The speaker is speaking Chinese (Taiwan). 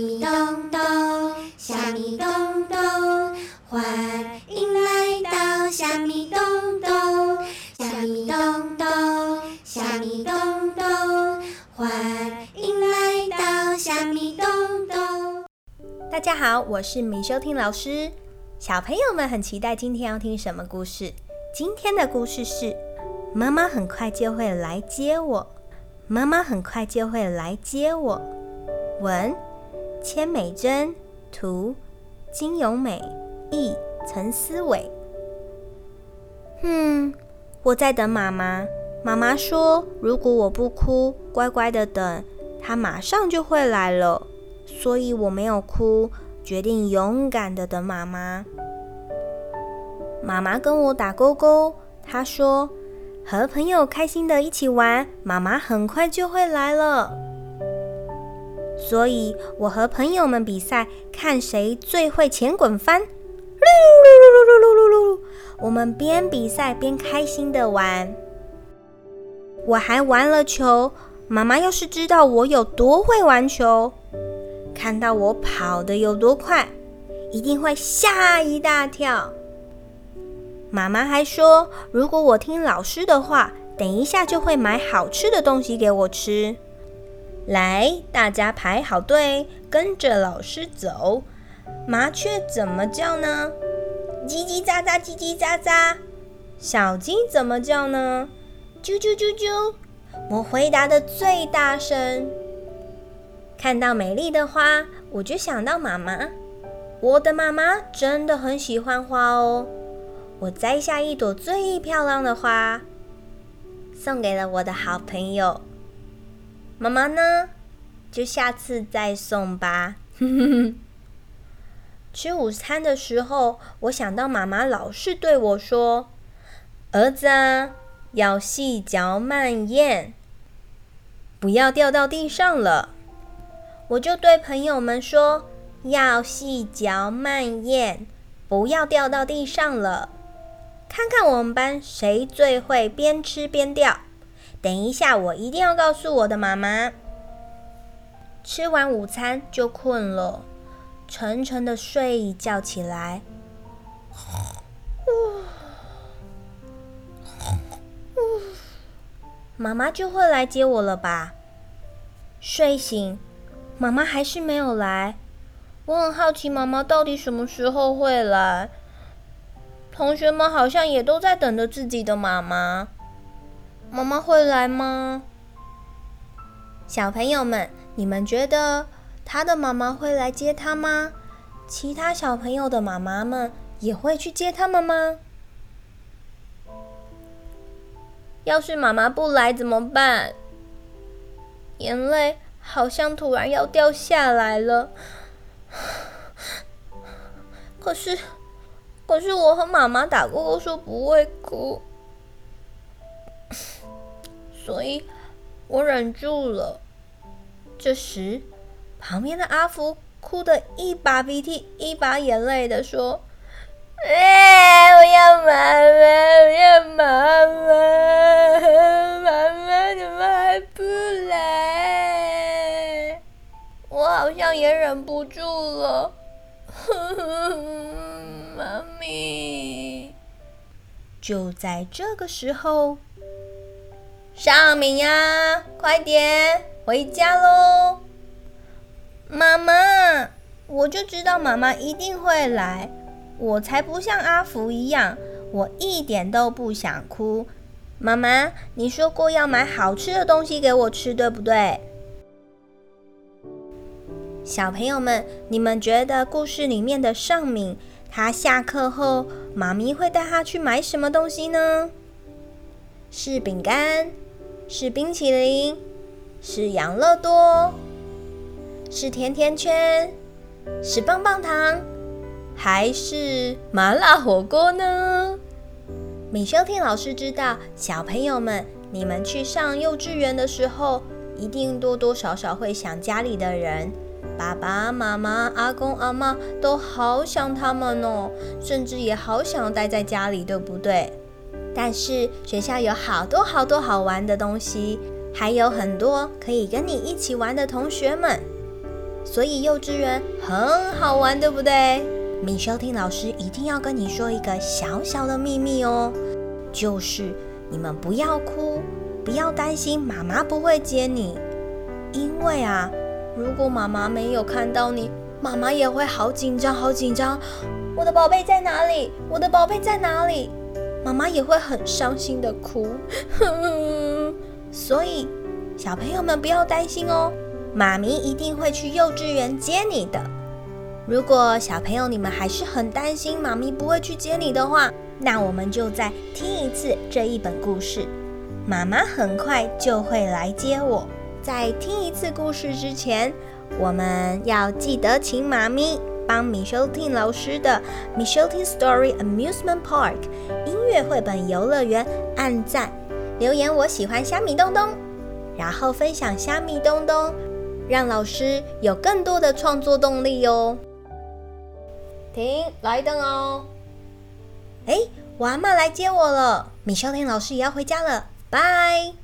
洞洞米咚咚，蝦米咚咚，歡迎來到蝦米咚咚。蝦米咚咚，蝦米咚咚，歡迎來到蝦米咚咚。大家好，我是米修聽老師。小朋友們很期待今天要聽什麼故事？今天的故事是：媽媽很快就會來接我。媽媽很快就會來接我，吻。千美珍、圖，金友美、意陳思偉。嗯，我在等媽媽。媽媽說，如果我不哭，乖乖的等，她馬上就會來了。所以我沒有哭，決定勇敢的等媽媽。媽媽跟我打勾勾，她說和朋友開心的一起玩，媽媽很快就會來了。所以我和朋友們比賽，看誰最會前滾翻。嚕嚕嚕嚕嚕嚕嚕嚕。我們邊比賽邊開心的玩，我還玩了球。媽媽要是知道我有多會玩球，看到我跑得有多快，一定會嚇一大跳。媽媽還說，如果我聽老師的話，等一下就會買好吃的東西給我吃。來，大家排好隊，跟着老師走。麻雀怎麼叫呢？嘰嘰喳喳，嘰嘰喳喳。小雞怎麼叫呢？啾啾啾啾。我回答得最大聲。看到美麗的花，我就想到媽媽。我的媽媽真的很喜歡花哦。我摘下一朵最漂亮的花，送給了我的好朋友。媽媽呢？就下次再送吧。哼哼哼。吃午餐的時候，我想到媽媽老是對我說：“兒子啊，要細嚼慢嚥，不要掉到地上了。”我就對朋友們說：“要細嚼慢嚥，不要掉到地上了。看看我們班誰最會邊吃邊掉。”等一下，我一定要告訴我的媽媽，吃完午餐就困了，沉沉的睡一覺起來，媽媽就會來接我了吧？睡醒，媽媽還是沒有來，我很好奇媽媽到底什麼時候會來。同學們好像也都在等着自己的媽媽。媽媽會來嗎？小朋友們，你們覺得他的媽媽會來接他嗎？其他小朋友的媽媽們也會去接他們嗎？要是媽媽不來怎麼辦？眼淚好像突然要掉下來了。可是，可是我和媽媽打過勾，說不會哭。所以，我忍住了。這時，旁邊的阿福哭的一把鼻涕一把眼淚的說，哎，“我要媽媽，我要媽媽，媽媽怎麼還不來？”我好像也忍不住了，呵呵媽咪。就在這個時候。尚敏呀，快點回家嘍！媽媽，我就知道媽媽一定會來，我才不像阿福一樣，我一點都不想哭。媽媽，你說過要買好吃的東西給我吃，對不對？小朋友們，你們覺得故事裡面的尚敏，她下課後，媽咪會帶她去買什麼東西呢？是餅乾。是冰淇淋，是養樂多，是甜甜圈，是棒棒糖，還是麻辣火鍋呢？米修婷老師知道，小朋友們，你們去上幼稚園的時候，一定多多少少會想家裡的人，爸爸媽媽、阿公阿嬤、都好想他們哦，甚至也好想待在家裡，對不對？但是學校有好多好多好玩的東西，還有很多可以跟你一起玩的同學們，所以幼稚園很好玩，對不對？米修汀老師一定要跟你說一個小小的秘密哦，就是你們不要哭，不要擔心媽媽不會接你，因為啊，如果媽媽沒有看到你，媽媽也會好緊張，好緊張，我的寶貝在哪裡？我的寶貝在哪裡？媽媽也會很傷心的哭哼哼，所以小朋友們不要擔心哦，媽咪一定會去幼稚園接你的。如果小朋友你們還是很擔心媽咪不會去接你的話，那我們就再聽一次這一本故事。媽媽很快就會來接我。再聽一次故事之前，我們要記得請媽咪。幫米休廷老師的《米休廷 story amusement park》音樂繪本遊樂園按讚留言，我喜歡蝦米東東，然後分享蝦米東東，讓老師有更多的創作動力哦。停，來燈哦。哎、欸，我阿嬤來接我了，米休廷老師也要回家了，拜。